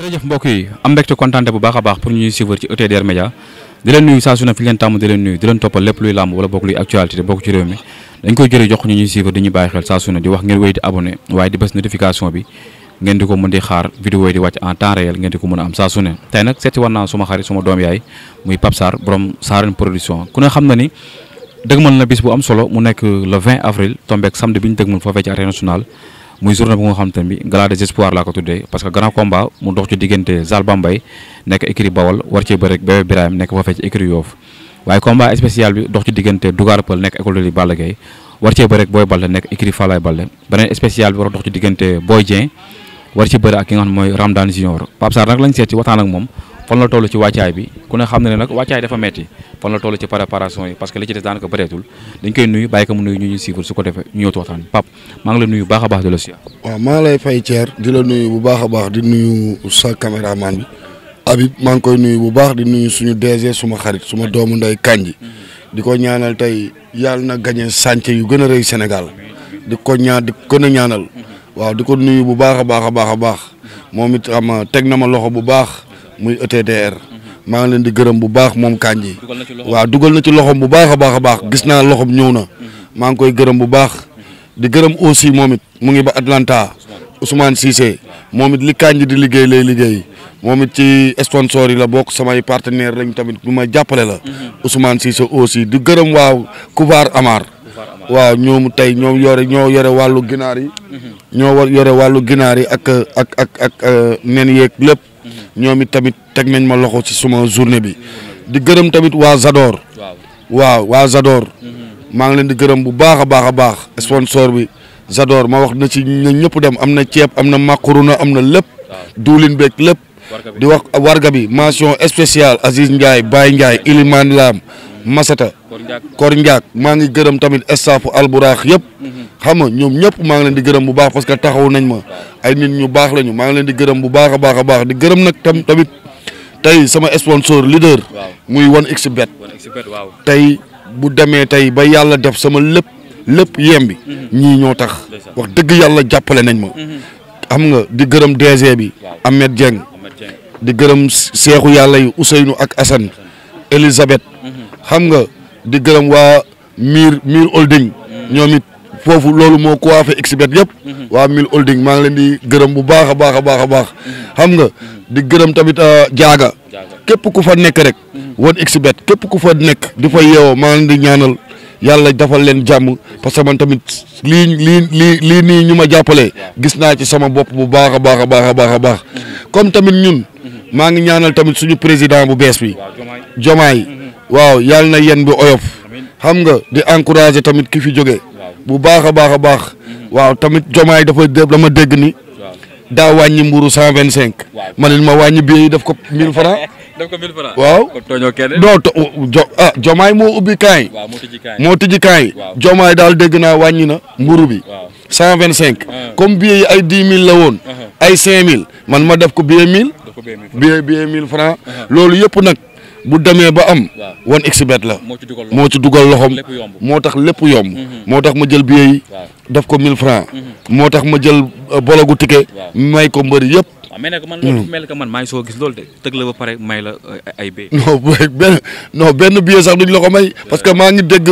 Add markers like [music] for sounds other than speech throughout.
jërëjëf mbokk yi am mbégte contenté bu baax a baax pour ñuy suivre ci ETDR Média di leen nuyu saa su ne fi leen tàmm di leen nuyu di leen toppal lépp luy lamb wala bokk luy actualité te bokk ci réew mi dañ koy jëre jox ñu ñuy suivre di ñu bàyyi xel saa su ne di wax ngeen wéy di abonné waaye di bës notification bi ngeen di ko mën di xaar vidéo yi di wàcc en temps réel ngeen di ko mën a am saa su ne tey nag seeti war naa suma xarit suma doom yaay muy pap sar borom Sarène production ku ne xam na ni dëgmal na bis bu am solo mu nekk le 20 avril tombeek samedi bi ñu dëgmal foofee ci arena nationale muy journée bu nga xam te ne bi gala des espoirs laa ko tuddee parce que grand combat mu dox ci diggante Zal Bambay nekk écurie Bawol war cee bëre ak Bébé nekk foofee ci écurie waaye combat spécial bi dox ci diggante Dougar Peul nekk école de Balla Gaye war cee bëre ak Boy Baldé nekk écurie Falaye Baldé beneen spécial bi war a dox ci diggante Boy Dieng war ci bëre ak ki nga xam ne mooy Ramdan Junior Pape Sarr nag lañ seet ci waxtaan ak moom fan la toll ci wàccaay bi ku ne xam na ne nag wàccaay dafa metti fan la toll ci yi parce que li ci des daanaka bëreetul koy nuyu bàyyi ko mu nuyu ñu ñuy suivre su ko defee ñu ñëw a baax di la siyaar. waaw maa nuyu bu baax a baax di nuyu sa caméraman bi Habib maa ngi koy nuyu bu baax di nuyu suñu DG suma xarit suma doomu ndey Kandji di ko ñaanal tey yàlla na gagné chantier yu gën a rëy Sénégal di ko ñaan di ñaanal waaw di ko nuyu bu baax a baax a baax a baax moom it am teg na ma loxo bu baax muy ETDR ma ngi len di gëreum bu baax mom kanji wa duggal na ci loxom bu baaxa baaxa baax gis na loxom ñewna ma ngi koy gëreum bu baax di gëreum aussi momit mu ngi ba Atlanta Ousmane Cissé momit li kanji di liggéey lay liggéey momit ci sponsor yi la bok sama samay partenaire lañ tamit bu ma jàppale la mm-hmm. Ousmane Cissé aussi di gëreum wa Kouvar Amar wa ñoomu tay ñoom yoré ñoo yoré walu ginaar yi mm-hmm. ñoo yoré walu ginaar yi ak ak ak ak euh, nen yeeg lepp ñoom it tamit teg nañ ma loxo ci suma journée bi di gërëm tamit waa Zador. waaw waa Zador. Mhm. maa ngi leen di gërëm bu baax a baax a baax sponsor bi Zador ma wax na ci ñëpp dem am na ceeb am na makarona am na lépp. duulin beeg lépp. di wax warga bi mention spéciale Aziz Ndiaye Baye Ndiaye Ilimane Lam Masata. Kor Ndiak maa ngi gërëm tamit staffu Alburax yëpp. Mhm. xam nga ñoom ñëpp ngi leen di gëreem bu baax parce que taxaw nañ ma ay nit ñu baax lañu ma ngi leen di gëreem bu baaxa baaxa baax di gëreem nak tam tamit tay sama sponsor leader. muy 1xBet. 1xBet waaw tey bu démé tay ba yalla def sama lip lip yembi. Mhm. ñi ño tax. wax dëgg yalla jappalé nañ ma. Mhm. xam nga di gëreem DG bi. Ahmed jeng di gëreem cheikhou Yalla, yi Ousseynou ak Assane. Elisabeth. Mhm. xam nga di gëreem wa Mir Mir Holding. ñomit foofu loolu moo ko waa fa exhibit yëpp. Mhm. waa mil holding maa ngi leen di gërëm bu baax a baax a baax a baax. Mhm. xam nga mhm. di gërëm tamit euh, jaaga. képp ku fa nekk rek. woon exhibit képp ku fa nekk. di fa yeewo maa ngi di ñaanal yàlla defal leen jàmm parce que man tamit lii lii lii lii nii ñu ma jàppale. gis naa ci sama bopp bu baax a baax a baax a baax a baax. comme tamit ñun. maa ngi ñaanal tamit suñu président bu bees bi. Jomaay waaw yàlla na yéen bi oyof. xam nga di encourager tamit ki fi jóge bu baax a baax a baax waaw tamit jomaay dafa dama dégg ni daa wàññi mburu cent vingt cinq ma leen ma wàññi bi daf ko mille franc [laughs] daf ko mille franc waaw doo ah jomaay moo ubbi kaay moo tijji kaay jomaay daal dégg naa wàññi na mburu bi cent vingt cinq ah. comme billet yi ay dix mille la woon ah. ay cinq mille man ma def ko billet mille billet billet mille franc ah. loolu yëpp nag bu demee ba am. wan xbet la. moo ci dugal loxom moo tax lépp yomb. Mhm. moo tax ma jël billet yi. def ko 1000 francs mhm. moo tax ma jël euh, bologu ticket. may ko mbëri yëpp. waaw mais nag man loolu mm. mel ka man maa ngi soo gis de tëgg la ba may la euh, ay billet. non benn non benn billet sax duñ la ko may. parce que maa ngi dégg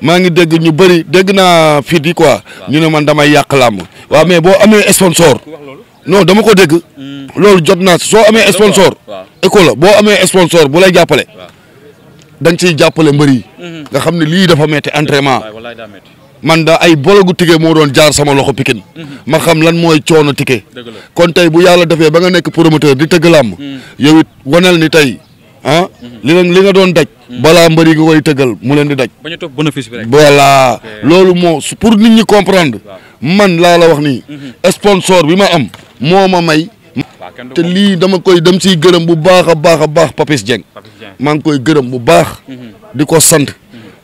maa ngi dégg ñu bëri dégg naa fit yi quoi. ñu ne man damay yàq làmb waaw mais boo amee sponsor. non dama ko dégg. Hmm. loolu jot naa soo amee sponsor. école la boo amee sponsor bu lay jàppale. dañ ciy jàppale mbër yi. Hmm. nga xam ne lii dafa metti entraînement. man daa ay bologu tike moo doon jaar sama loxo pikin. Hmm. ma xam lan mooy coono tike. kon tey bu yàlla defee ba nga nekk promoteur di tëgg làmb. yow it wanal ni tey ah. li nga li nga doon daj. balaa mbër yi nga koy tëggal mu leen di daj. bañ a topp bénéfice bi rek. voilà loolu moo pour nit ñi comprendre. man laa la wax nii. sponsor bi ma am. moom a may. te lii dama koy dem si gërëm bu baax a baax a baax Papis Dieng. maa ngi koy gërëm bu baax. Mhm. di ko sant.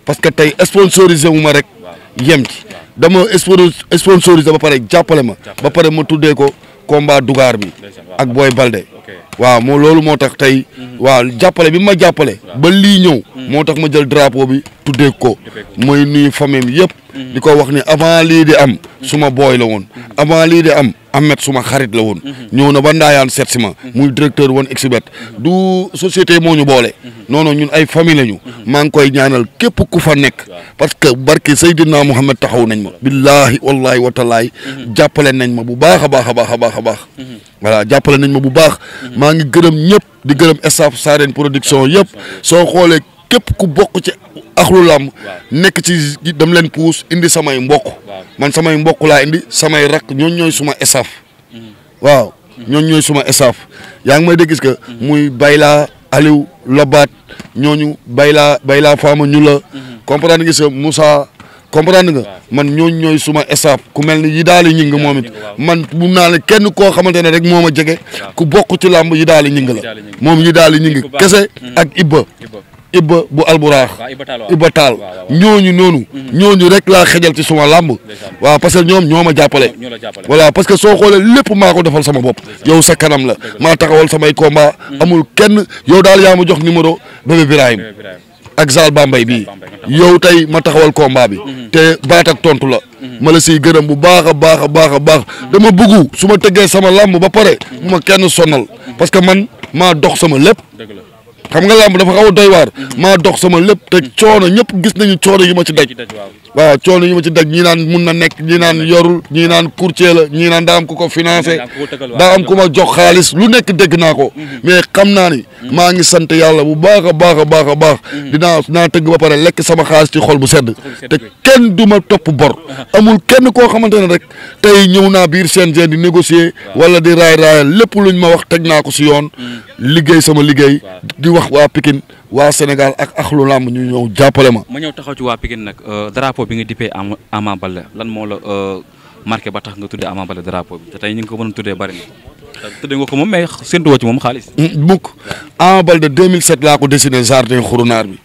parce que tey sponsorisé wu ma rek. yem ci dama sponsorisé ba pare jàppale ma. ba pare ma tuddee ko combat dugaar bi. ak booy Balde. waaw moo loolu moo tax tey. Mhm. waaw jàppale bi ma jàppale. ba lii ñëw. Mhm. moo tax ma jël drapeau bi tuddee ko. mooy nuyu famille yëpp. Mhm. di ko wax ni avant lii di am. suma booy la woon. avant lii di am Ahmed suma xarit la woon. ñëw na ba Ndaayaan seet si ma. muy directeur woon Exibet du société moo ñu boole. non non ñun ay famille lañu. maa ngi koy ñaanal képp ku fa nekk. parce que barke Seydina Mouhamed taxaw nañ ma. billaahi wallaahi watalaay. jàppale nañ ma bu baax a baax a baax a baax a baax. jàppale nañ ma bu baax maa ngi gërëm ñëpp di gërëm staff Sarène production yëpp soo xoolee képp ku bokk ci axlu làmb nekk ci dam leen puus indi samay mbokk man samay mbokk laa indi samay rakk ñooñ ñooy suma staff waaw ñooñ ñooy suma staff yaa ngi may dégg que muy Bayla Aliou Lobaat ñooñu Bayla Bayla Fama ñu la mm-hmm. comprendre nga Moussa comprendre nga man ñooñu ñooy suma staff ku mel ni yi daal ñing moom it man mun naa kenn koo xamante ne rek moo ma jege ku bokk ci làmb yi daal di ñing la moom yi daal di ñing kese mm-hmm. ak Ibba Ibba bu alburaax Ibba Taal ñooñu noonu mm-hmm. ñooñu rek laa xejal ci suma làmb waaw parce que ñoom ñoo ma jàppale voilà parce que soo xoolee lépp maa ko defal sama bopp yow sa kanam la maa taxawal samay combat mm-hmm. amul kenn yow daal yaa ma jox numéro bébé Birahim ak Zal Bambay bii yow tey ma taxawal combat bi te baat ak tontu la ma la siy gërëm bu baax a baax a baax a baax dama bëggu su ma tëggee sama làmb ba pare bu ma kenn sonal parce que man maa dox sama lépp xam nga làmb dafa xaw a doy waar maa dox sama lépp te coono ñëpp gis nañu coono yi ma ci daj waaw coono yi ma ci daj ñi naan mun na nekk ñi naan yorul ñi naan courtier la ñi naan daa am ku ko financé daa am ku ma jox xaalis lu nekk dégg naa ko mhm. mais xam naa ni mhm. maa ngi sant yàlla bu baax a baax a baax a baax mhm. dinaa dinaa tëgg ba pare lekk sama xaalis ci xol bu sedd te kenn du ma topp bor amul kenn koo xamante ne rek tey ñëw naa biir seen di négocier wala di raay raayal lépp lu luñ ma wax teg naa ko si yoon liggéey sama liggéey di wax waa Pikine waa Sénégal ak axlu làmb ñu ñëw jàppale ma. ma ñëw taxaw ci waa Pikine nag euh, drapeau bi nga dippee Ama Baldé lan moo la euh, marqué ba tax nga tuddee Ama Baldé drapeau bi tey ñu ngi ko mën a tuddee bari na tuddee nga ko moom mais séntuwoo ci moom xaalis. Mm, mukk Ama Baldé 2007 laa ko dessiné jardin xurunaar bi.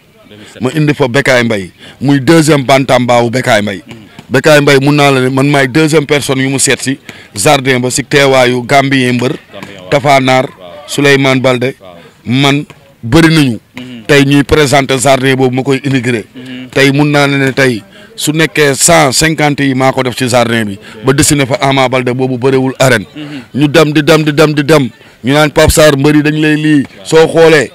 ma indi fa Bekaay Mbaye muy deuxième bantambaawu Bekaay mbay mm. Bekaay mbay mun naa la ne man maay deuxième personne yu mu seet si jardin ba si teewaayu Gambien Mbër. Tafa Naar Souleymane Balde man bari nañu. Mm. tey ñuy présenter jardin boobu ma koy intégré. Mhm. tey mun naa ne tey su nekkee cent cinquante yi maa ko def si jardin bi mhm. ba dessiné fa Ama Baldé boobu bëriwul arène. Mhm. ñu dem di dem di dem di dem ñu naan Pape Sarr mbëri dañ lay lii soo xoolee.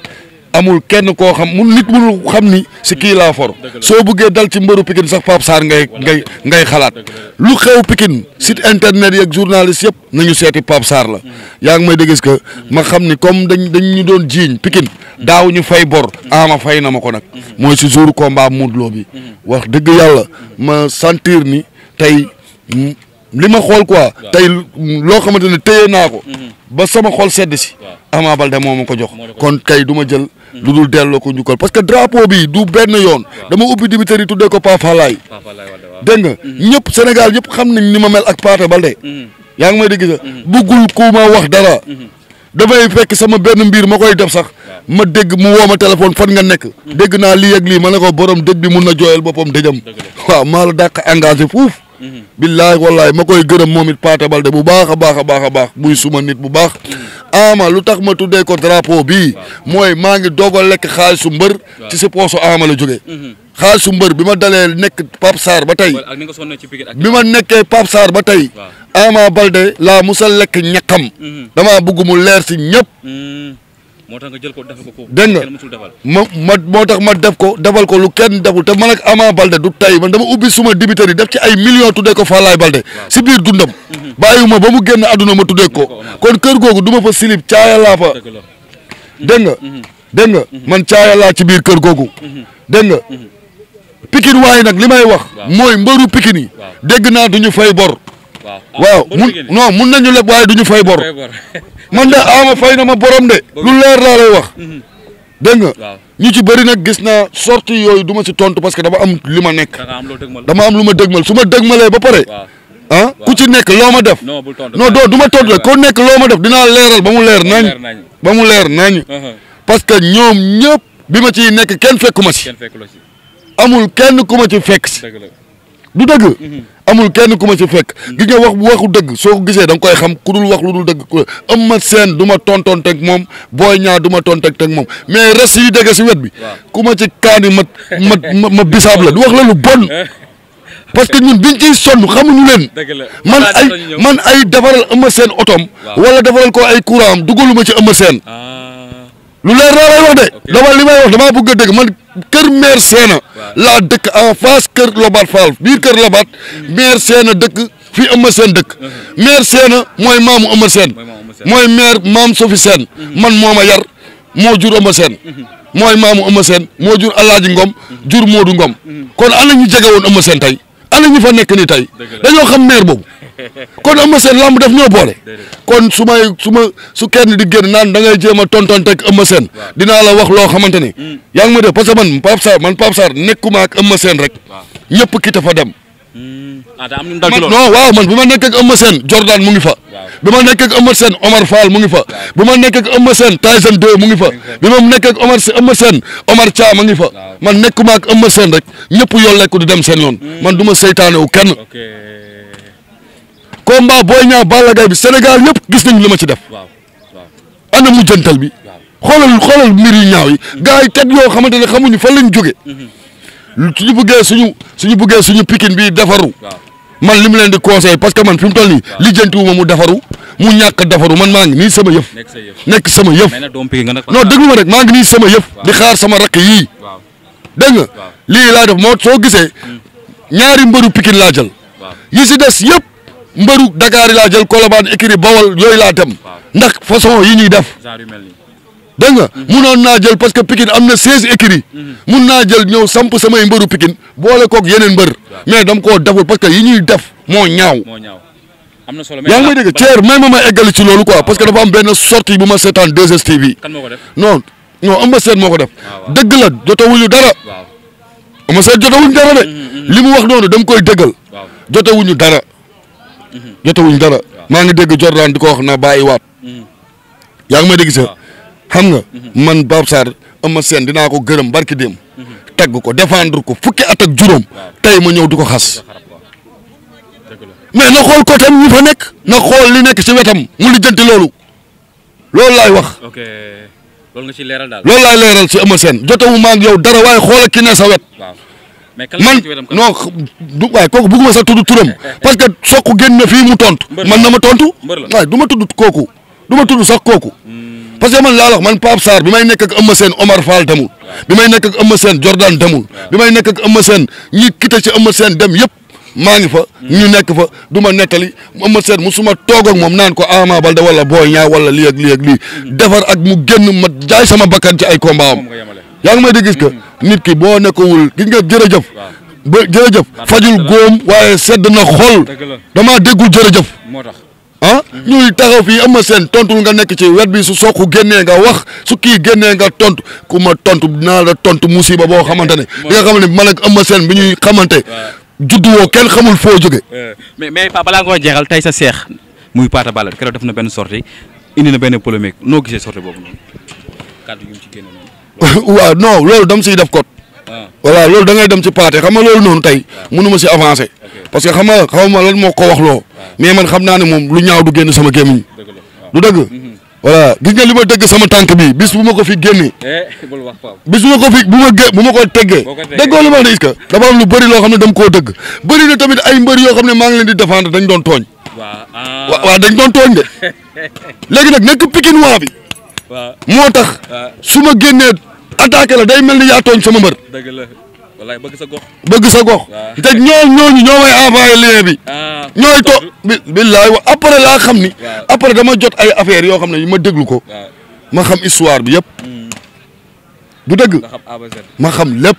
amul kenn koo xam mun nit munul xam ni si kii la for soo bëggee dal ci mbëru Pikine sax Pape Sarr ngay ngay ngay xalaat lu xew Pikine site internet yeeg journaliste yëpp nañu seeti Pape Sarr la yaa ngi may dégg que ma xam ni comme dañ dañ daaw ñu fay bor ama fay na ma ko nag mooy si jour combat Modou Lo bi wax dëgg yàlla ma sentir ni tey mm, li ma xool quoi tey loo xamante ne téye naa ko mhm. ba sama xool sedd si Ama Baldé moo ma ko jox kon tey duma ma jël mhm. lu dul delloo ko njukkal parce que drapeau bi du benn yoon dama ubbi dibiteri tuddee ko Pafalaay dégg nga mhm. ñëpp Sénégal ñëpp xam nañ ni ma mel ak Paate Baldé yaa ngi may dégg sa buggul ku ma wax dara dafay fekk sama benn mbiir ma koy def sax ma dégg mu woo ma téléphone fan nga nekk mm. dégg naa lii ak lii ma ne ko borom dëj bi mun na jooyal boppam dëjam waaw maa la dàq engagé fuuf mm-hmm. billaay wallaay ma koy gërëm moom it Pathé Baldé bu baax a baax a baax a baax muy suma nit bu baax mm. Ama lu tax ma tuddee ko drapeau bii mooy maa ngi doog a lekk xaalisu mbër ci sa poosu Ama la jógee mm-hmm. xaalisu mbër bi ma dalee nekk Pape saar ba tey bi ma nekkee Pape saar ba tey Ama Balde laa musa lekk ñaqam. Mhm. damaa bugg mu leer si ñëpp. Mhm. moo tax nga jël ko defal ko. dégg nga ma ma moo tax ma def ko defal ko lu kenn deful te ma ak Ama Balde du tey man dama ubbi suma dibiteri def ci ay millions tuddee ko Falaye Balde si biir dundam. Mhm. bàyyiwuma ba mu génn àdduna ma tuddee ko kon kër googu duma ma fa silib caaya laa fa. dégg nga. dégg man caaya ci biir kër googu. dégg nga. waaye nag li may wax. mooy mbaru pikin yi. dégg naa du ñu fay bor. waaw ah, mun non mun nañu leb waaye du ñu fay bor [laughs] man de ama fay na ma borom de lu leer laa lay wax mhm. dégg nga ñu ci bëri nag gis naa sortie yooyu du ma si tontu parce que dama am li ma nekk dama am lu ma dëgmal su ma dëgmalee ba pare ah ku ci nekk loo ma def non doo du ma tontu rek ku nekk loo ma def dinaa leeral ba mu leer nañ ba mu leer nañ parce que ñoom ñëpp bi ma ciy nekk kenn fekk ma si amul kenn ku ma ci fekk si du dëgg mhm. amul kenn ku ma ci fekk mhm. gis nga wax waxu dëgg soo gisee danga koy xam ku dul wax lu dul dëgg seen duma du ma tontonteeg moom Boy Niang du ma tontonteeg moom mais reste yi dégg si wet bi ku ma ci kaani ma ma ma bisaab la du wax la lu bon [laughs] parce que ñun biñ ciy sonn xamuñu leen man ay man ay defaral Eumeu Sène otom wala defaral ko ay courant am dugaluma ci Eumeu seen lu leer laa lay wax de. dama li may wax damaa bëgg a dégg man kër maire Séna. laa dëkk en face kër Lobaat Fall biir kër Lobaat. maire Séna dëkk fii Eumeu seen dëkk. maire Séna mooy maamu Eumeu Sène. mooy maire maam Sofi Sène. Mhm. man moo ma yar moo jur Eumeu seen mhm. mooy maamu Eumeu seen moo jur Alaaji Ngom. jur Moodu Ngom. Mhm. kon ana ñu jege woon Eumeu Sène tey ana ñu fa nekk ni tey. dañoo xam maire boobu. kon Eumeu sen lamb def ñoo bolé kon suma suma su kenn di génn naan da ngay jéem tonton tek Eumeu sen dina la wax lo xamanteni hmm. yaang ma def parce que man pap sar man pap sar nekuma ak Eumeu sen rek ñepp ki fa dem hmm. ah am non waaw man buma nek ak Eumeu sen Jordan mu ngi fa. buma nek ak Eumeu sen Omar Fall mu ngi fa. buma nek ak Eumeu sen Tyson 2 mu ngi fa. bi nek ak Omar Eumeu sen Omar cha mu ngi fa. man nekuma ak Eumeu sen rek ñepp yoo ko du dem sen yoon. man duma seytane wu kenn. combat Boy Niang Balla Gaye bi Sénégal yëpp gis nañ li ma ci def. waaw waaw ana mujjantal bi. xoolal xoolal mbir yu ñaaw yi. Mm-hmm. gars yi teg yoo xamante ne xamuñu fan lañ jóge mm-hmm. suñu bëggee suñu suñu bëggee suñu pikin bi defaru. man li mu leen di conseil parce que man fi mu toll nii. li jëntuwuma mu defaru mu ñàkk defaru man maa ngi nii sama yëf. nekk sama yëf. non déglu ma rek maa ngi nii sama yëf. di xaar sama rakk yii. dégg nga lii laa def moo soo gisee mm. ñaari mbëru pikin laa jël. yi si des yëpp. mbëru Dakar laa jël Colobane écurie Bawol yooyu laa dem ndax façon yi ñuy def dégg nga mhm. munoon naa jël parce que Pikine am na seize écuries mhm. mun naa jël ñëw samp samay mbëru Pikine boole kook yeneen mbër mais dam koo deful parce que yi ñuy def moo ñaaw am na solo yaa ngi may dégg Thier may ma ma eggali ci loolu quoi parce que dafa am benn sortie bu ma seetaan 2STV non non Eumeu Sène moo ko def ah, dëgg la jotawuñu dara Eumeu Sène jotawuñu dara de mm-hmm, mm-hmm. li mu wax noonu dam koy dëggal jotawuñu dara jotewuñ dara maa ngi dégg Jordan di ko wax na bàyyiwaat mm. yaa ngi may dégg sa xam nga mm-hmm. man Pape Sarr Eumeu Sène dinaa ko gërëm barki dem mm-hmm. tagg ko défendre ko fukki at ak juróom tey ma ñëw di ko xas mais na xool côté ñu fa nekk na xool li nekk si wetam mu lijjanti loolu loolu laay wax loolu laay leeral si Eumeu Sène jotewu maa ngi yow dara waaye xool ki ne sa wet man non du waaye kooku bëgguma sax tudd turam eh, eh. parce que soq génn na fii mu tont man na ma tontu waaye du ma tudd kooku du ma tudd sax kooku hmm. parce que man laa wax man Pape Sarr bi may nekk ak Eumeu Sène Omar Fall demul bi may nekk ak Eumeu Sène Jordan demul bi may nekk ak Eumeu Sène ñi quitté ci Eumeu Sène dem yëpp maa ngi fa hmm. ñu nekk fa du ma nekkali nettali Eumeu Sène suma toog ak moom naan ko Ama Baldé wala Boy Niang wala lii ak lii ak lii hmm. defar ak mu génn ma jaay sama bakkan ci ay combat yaa ngi may di gis que mm-hmm. nit ki boo nekkowul ki nga jërëjëf ba jërëjëf fajul góom waaye sedd na xol dama déggul jërëjëf ah mm-hmm. ñuy taxaw fii am na seen tontu nga nekk ci wet bi su sooku génnee nga wax su kii génnee nga tontu ku ma tontu dinaa la tontu musiba boo xamante ne di nga xam ne man ak am na seen bi ñuy xamante juddu woo kenn xamul foo jóge. Eh, mais mais Paa balaa jeexal tey sa seex muy Pathé Balla keroog def na benn sortie indi na benn polémique noo gisee sortie boobu noonu [laughs] waaw non loolu dam siy def code ah. voilà loolu da ngay dem ci paate xam nga loolu noonu tey ah. mënuma si avancer parce que xam nga xaw ma lan moo ko wax loo ah. mais man xam naa ne moom lu ñaaw du génn sama gémmiñ du dëgg mhm. voilà gis nga li ma dëgg sama tànk bi bis bu ma ko fi génnee eh, bis bu ma ko fi bu ma gé bu ma ko teggee déggoo li ma ne iska dafa am lu bëri loo xam ne dam koo dëgg bëri na tamit ay mbër yoo xam ne maa ngi leen di défendre dañ doon tooñ waaw dañ doon tooñ de [laughs] léegi nag nekk Pikine waa bi moo tax su ma génnee attaqué la day mel ni yaa tooñ sama mbër. dëgg la wallaay bëgg sa gox. bëgg sa gox. te ñoo ñooñu ñoo may envoyé lien bi. Ah, ñooy to bi billaay wa après laa xam ni. après dama jot ay affaires yoo xam ne ñu ma déglu ko. ma xam histoire bi yëpp. Hmm. du dëgg. ma xam lépp.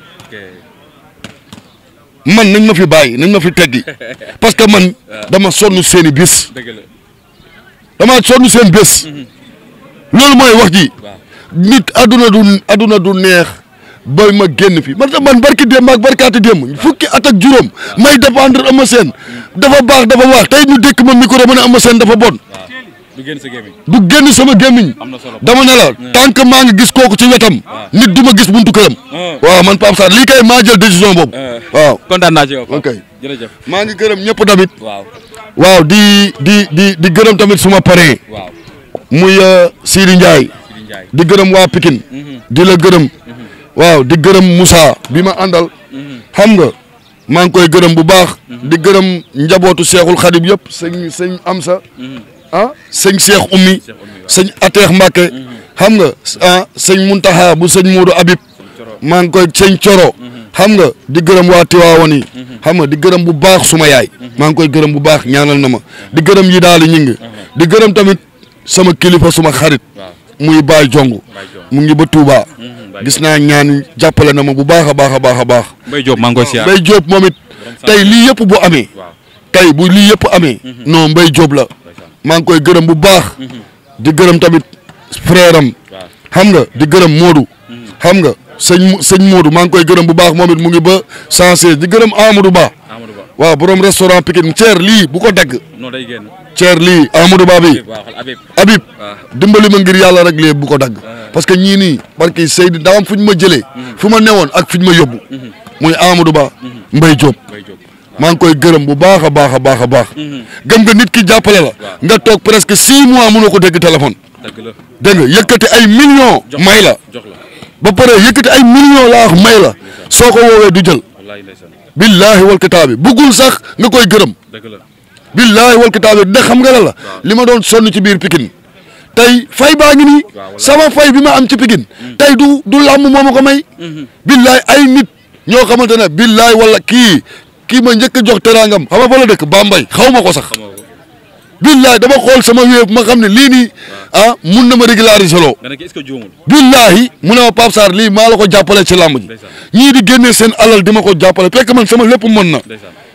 man nañ ma fi bàyyi nañ ma fi teggi [laughs] parce que man dama sonn seen i bis. dama sonn seen bés. Hmm. loolu mooy wax ji. nit aduna du aduna du neex bay ma genn fi man man barki dem ak barkati dem fukki at ak jurom may dépendre am sen dafa bax dafa wax tay ñu dekk ma micro mëna am sen dafa bon du genn sa gémiñ du génn sama gémiñ dama ne la tank ma gis koku ci wetam nit duma gis buntu kërëm waaw man pap Sarr li kay ma jël décision bob waaw condamné ci yow ok jërëjëf maa ngi gërëm ñëpp tamit waaw waaw di di di di gërëm tamit suma paré waaw muy euh, Sidi di gërëm wa Pikine mhm. di la gërëm mhm. waaw di gërëm Moussa bima andal, mhm. xam nga ma ngi koy gërëm bu baax di gërëm njabootu Cheikhul Khadim yëpp sëñ sëñ Amsa ah sëñ Cheikh Ummi sëñ Ateex Mbàkke xam nga ah sëñ muntaha bu sëñ Modou Abib man ngi koy sëñ choro, xam nga di gërëm wa tiwa wani, xam nga di gërëm bu baax suma yaay ma ngi koy gërëm bu baax ñaanal na ma di gërëm yi daal ñing di gërëm tamit sama kilifa suma xarit muy Baye Jong mu ngi ba Touba mm-hmm, gis naa ñaan jàppale na ma bu baax a baax a baax a baax. Mbaye Diop maa ngi koy siyaar moom it tey lii yëpp bu amee tey bu lii yëpp amee mm-hmm. non mbay Diop la maa ngi koy gërëm bu baax mm-hmm. di gërëm tamit frère am xam nga di gërëm Modou xam nga sëñ sëñ Modou maa ngi koy gërëm bu baax moom it mu ngi ba 116 di gërëm Amadou Ba waaw borom restaurant Pikine Thier lii bu ko dagg. ceer lii Amadou Ba bi Habib ah. dimbali ma ngir yàlla rek lee bu ko dagg ah. parce que ñii nii barki Seydi daa am fu ñu ma jëlee mm-hmm. fu ma newoon ak fu ñu ma yóbbu mm-hmm. muy Amadou Ba mm-hmm. Mbaye Diop maa ngi koy gërëm bu baax a baax a baax a baax gëm nga nit ki jàppale la nga toog presque si mois mënoo ko dégg téléphone dégg nga yëkkati ay millions may la ba pare yëkkati ay millions laa wax may la soo ko woowee du jël billaahi wal kitaabi buggul sax nga koy gërëm billaahi wal kitaabi de xam nga la la li ma doon sonn ci biir Pikine tey fay baa ngi ni sama fay bi ma am ci Pikine hmm. tey du du làmb moom ma ko may hmm. billaahi ay nit ñoo xamante ne billaahi wala kii kii ma njëkk jox teraangam xam nga fa la dëkk Bambey xaw ma ko sax billahi dama xool sama wéef ma xam ne lii nii ah, ah mun na ma régulariser loo. billahi mu ne ma Pape lii maa la ko jàppale ci làmb ji ñii di génne seen alal di ma ko jàppale fekk man sama lépp mën na.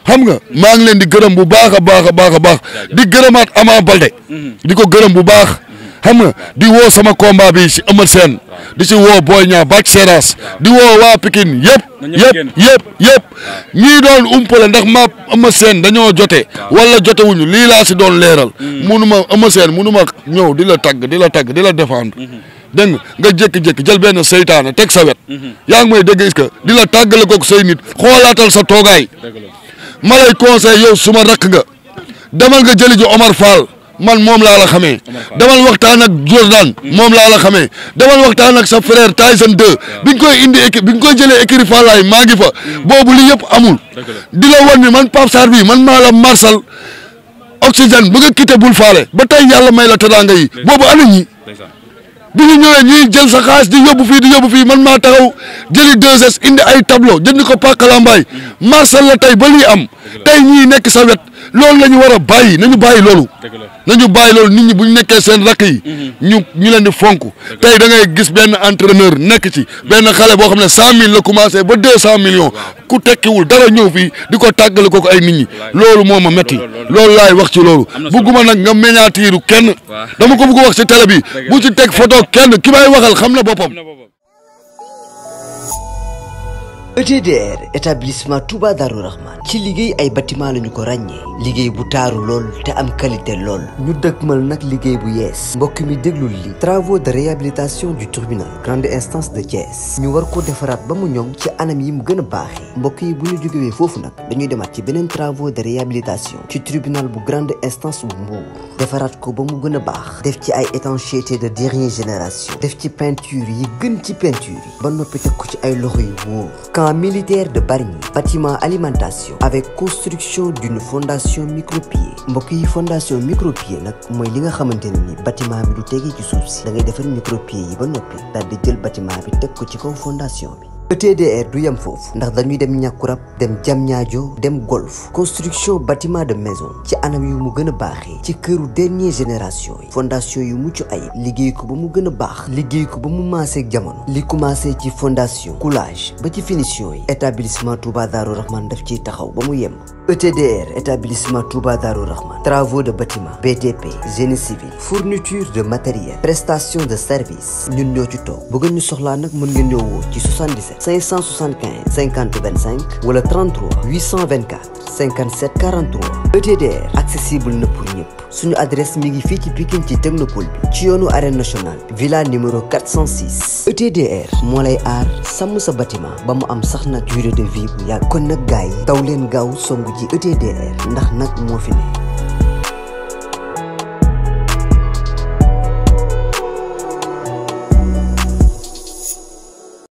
xam nga maa ngi leen di gërëm bu baax a baax a baax a baax di gërëmaat Ama Balde. Mhm. di ko gërëm bu baax. xam nga di woo sama combat bi si Sène di si woo Boy Niang Bac Seras di woo waa Pikine yëpp yëpp yëpp yëpp ñii doon umpale ndax ma Eumeu Sène dañoo jote wala jotewuñu lii laa si doon leeral mm. munuma Eumeu Sène munuma ñëw di la tagg di la tagg di la défendre mm-hmm. dégg nga jékki-jékki jël benn seytaane teg sa wet mm-hmm. yaa ngi may dégg di la tàggale kook say nit xoolaatal sa toogaay ma lay conseil yow suma rakk nga demal nga jëli ji Omar Fall man moom laa la xamee demal waxtaan ak Jordan hmm. moom laa la xamee demal waxtaan ak sa frère Tyson 2 bi ñu koy indi équipe bi ñu koy jëlee écurie Fallaye maa ngi fa hmm. boobu li yëpp amul di la wan ni man Pape Sarr bi man maa la marsal oxygène ba nga quitté bul faale ba tey yàlla may la teraanga yi boobu ana ñi bi ñu ñëwee ñuy jël sa xaalis di yóbbu fii di yóbbu fii man maa taxaw jëli 2 indi ay tableau jënd ko pàkkalambaay hmm. marsal la tey ba lii am tey ñii nekk sa wet loolu la ñu war a bàyyi nañu bàyyi loolu nañu bàyyi loolu nit ñi bu ñu nekkee seen rakk yi mhm. ñu ñu leen di fonk tey dangay gis benn entraîneur nekk ci benn xale boo xam ne cent mille la commencé ba deux cent millions ku tekkiwul dara ñëw fii di ko tàggale kooku ay nit ñi loolu moo ma metti loolu laay wax ci loolu bugguma nag nga meñaatiiru kenn dama ko bugg wax ci télé bi bu ci teg photo kenn ki may waxal xam na boppam ETDR établissement Touba Darou Rahman ci liggéey ay bâtiment lañu ko ràññee liggéey bu taaru lool te am qualité lool ñu dëgmal nak liggéey bu yees mbokk mi déglul li travaux de réhabilitation du tribunal grande instance de Thiès ñu war ko défarat ba mu ñoŋ ci anam yi mu gëna a mbokk yi bu ñu fofu nak dañuy ci benen travaux de réhabilitation ci tribunal bu grande instance bu Mbour defaraat ko ba mu gëna baax def ci ay étanchéité de dernière génération def ci peinture yi gën ci peinture yi ba nopi teg ko ci ay loxo yu camp militaire de Bargny bâtiment alimentation avec construction d'une fondation micropieux Mbokki fondation micropieux nak moy li nga xamanteni ni bâtiment bi du tegee ci suuf si da ngay defar micropieux yi ba nopi, dal di jël bâtiment bi teg ko ci kaw fondation bi ETDR e du yem foofu ndax dañuy dem ñàkkurab dem jamñaajo dem golf construction bâtiment de maison ci anam yu mu gën a baaxee ci këru dernier génération yi fondation yu mucc ayib liggéey ko ba mu gën a baax liggéey ko ba mu maasee jamono li commencé ci fondation coulage ba ci finition yi établissement Touba Darou Rahman def ci taxaw ba mu yem ETDR, établissement Touba Rahman. Travaux de bâtiment, BDP, génie civil, fourniture de matériel, prestation de services. ñun Tuto, 77 575 50 25 wala 33 824 57 43 ETDR accessible pour suñu adresse mi ngi fi ci Pikine ci technopole ci yoonu nationale villa numéro 406 ETDR moo lay aar sàmm sa bâtiment ba am sax nag durée de vie bu yàgg kon nag gars yi taw leen gaaw song ji ETDR ndax nag moo fi